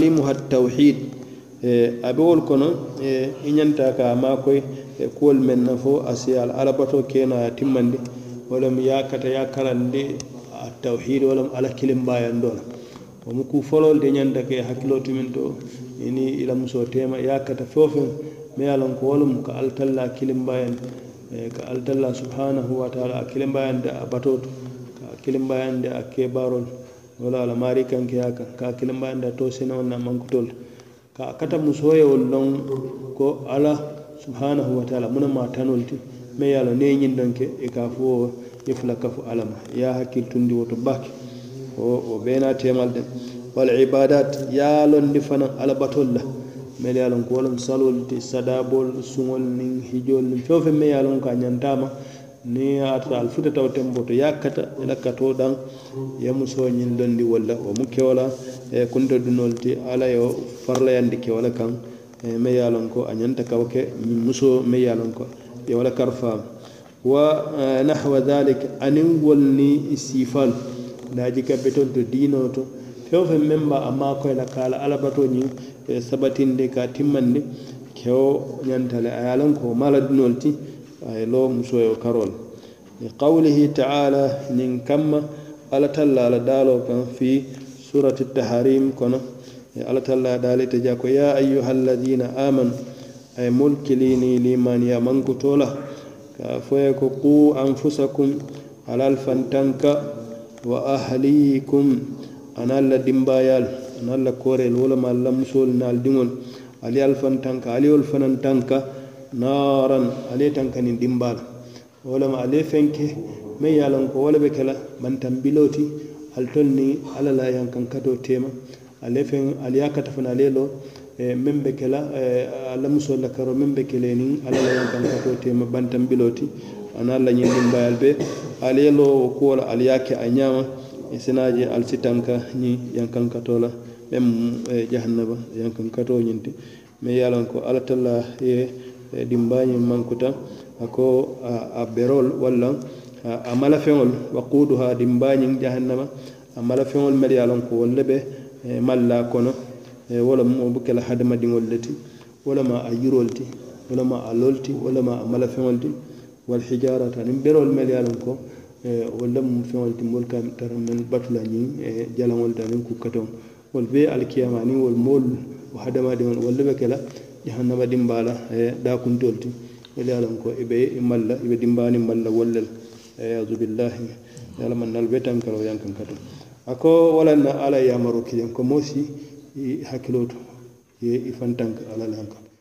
alimuha tawhid e, a be wolu kono e, i ñanta ka makoy e, kuwolu men na fo a si al alabato kena timmandi wolem ya kata ya karandi a tawhid mu ala kilimbayando la mu ku folol de ñanta ke hakkilo tumin to ini ila muso tema ya kata fewo feŋ me ye lon ko wolem ka altalla kilimbayandi ka altalla subhanahu wa taala a kilimbayandi a to ka kilimbayandi a kebarol wala wala mari kanke ya kan ka da to sina wonna mankutol ka kata ya wallon ko ala subhanahu wa taala muna matan tanol ti yalo ne yin ñin donke i e ka fo e ya fula kafu alama ya ye a hakkiltundi woto bake o wo temal den wal ibadat ye a londi fanan la mele ye ko ti sadabol suŋol niŋ hijol niŋ me ni ata alfuta taw tembo to yakkata ena kato ɗan yemuso ñin donndi walla o mu kewola e kunta dunol ti ala yo farlayandi kewola kan e me yalon ko a ñanta kawke muso me yalon ko e wala kar faam wa e, nahwa dalik anin wolni sifal daji kabbe ton to dino to fewo fe men ba amma koyla kala alabato ñin e sabatinde ka timmande kewo ñantale a yalon ko mala dunol ti aye lo musoyo karol li qawlihi ta'ala nin kamma ala talla ala dalo kan fi surati taharim kono ala talla dali ta jako ya ayyuhalladhina amanu ay mulkilini liman ya mankutola ka foye ko qu anfusakum ala alfantanka wa ahlikum ana alla dimbayal ana alla korel wala ma alla musol nal dingol ali alfantanka ali ol fanantanka naran ale tan kanin dimbala wala ma ale fenke me yalan ko wala be kala man tan biloti al tonni ala la yan kan kato tema ale fen ale yakata fana ale lo e membe kala e, ala muso la karo membe kele ni ala la yan kan kato tema ban tan biloti ana la nyin dimbal be ale lo ko wala ale yake anyama e senaje al sitanka ni yan kan kato la mem e, jahannaba yan kan kato nyinti me yalan ko ala talla e E dimbañi mankuta ako a berol walla a mala feŋol wa kuudu ha dimbañin jahannama a mala feŋol mel ye a lonko wolle be e malla kono e wolam wo bu kela hadamadiŋol le ti wolama a yirol ti wolama a lol ti wolama a mala feŋol ti wal hijarata niŋ berol mel ye a lonko wolle mu feŋol ti moolu ka tara men batula ñiŋ jalaŋol ta niŋ kukkatoŋ wol be alkiyama niŋ wol moolu o hadamadiŋol walla be ke la jahannama dimbala e dakuntiol ti ele alan ko e ɓeye malla e ɓe dimbani malla wallel e azubillahi yalama e nal be tankara o yankan kata a ko walanna ala yamaro kiyen ko mosi hakkiloto e ifantanka alalankata